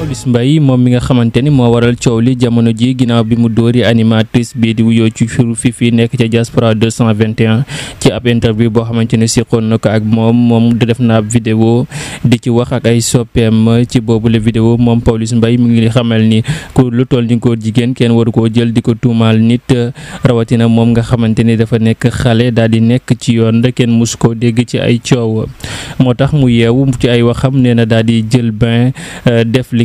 Pawlish Mbaye moom mi nga xamante ni moo waral coow li jamono ji ginnaaw bi mu dóori animatrice bii di wuyoo ci firu Fifi nekk ca diaspora ci ab interview boo xamante ni siqoon na ko ak moom moom di def na ab vidéo di ci wax ak ay soppeem ci boobu boobule vidéo moom Pawlish mbay mi ngi xamal ni ku lu toll ni góor jigéen kenn waru koo jël di ko tuumaal nit rawatina moom nga xamante ni dafa nekk xale daal di nekk ci yoon kenn mus koo dégg ci ay coow moo tax mu yeewu ci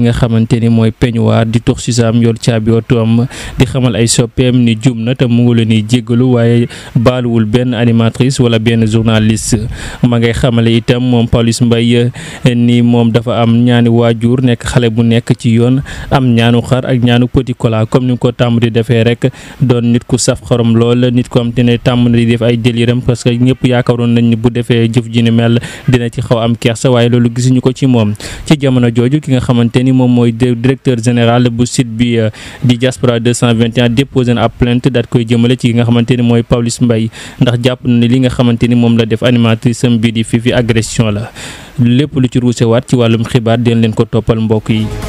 nga xamante ni mooy peignoir di tux sisaam yor caabi otoom di xamal ay soppeem ni jum na te mu ngi leen di jéggalu waaye baaluwul benn animatrice wala benn journaliste ma ngay xamale itam moom Pawlish Mbaye ni moom dafa am ñaani waajur nekk xale bu nekk ci yoon am ñaanu xar ak ñaanu petit cola comme ni ko tàmm di defee rek nit ku saf xorom lool nit ko am te ne tàmm na di def ay déliram parce que ñëpp yaakaaroon nañ bu defee jëf ji ni mel dina ci xaw am kersa waaye loolu gisuñu ko ci moom ci jamono ni moom mooy directeur général bu site bi euh, di diaspora 221 déposé na ab plainte daat koy jëmale ci ki nga xamante ni mooy Pawlish mbay ndax jàpp na ne li nga xamante ni moom la def animatrice am bii di Fifi agression la lépp lu ci waat ci wàllum xibaar dina leen ko toppal mbokk yi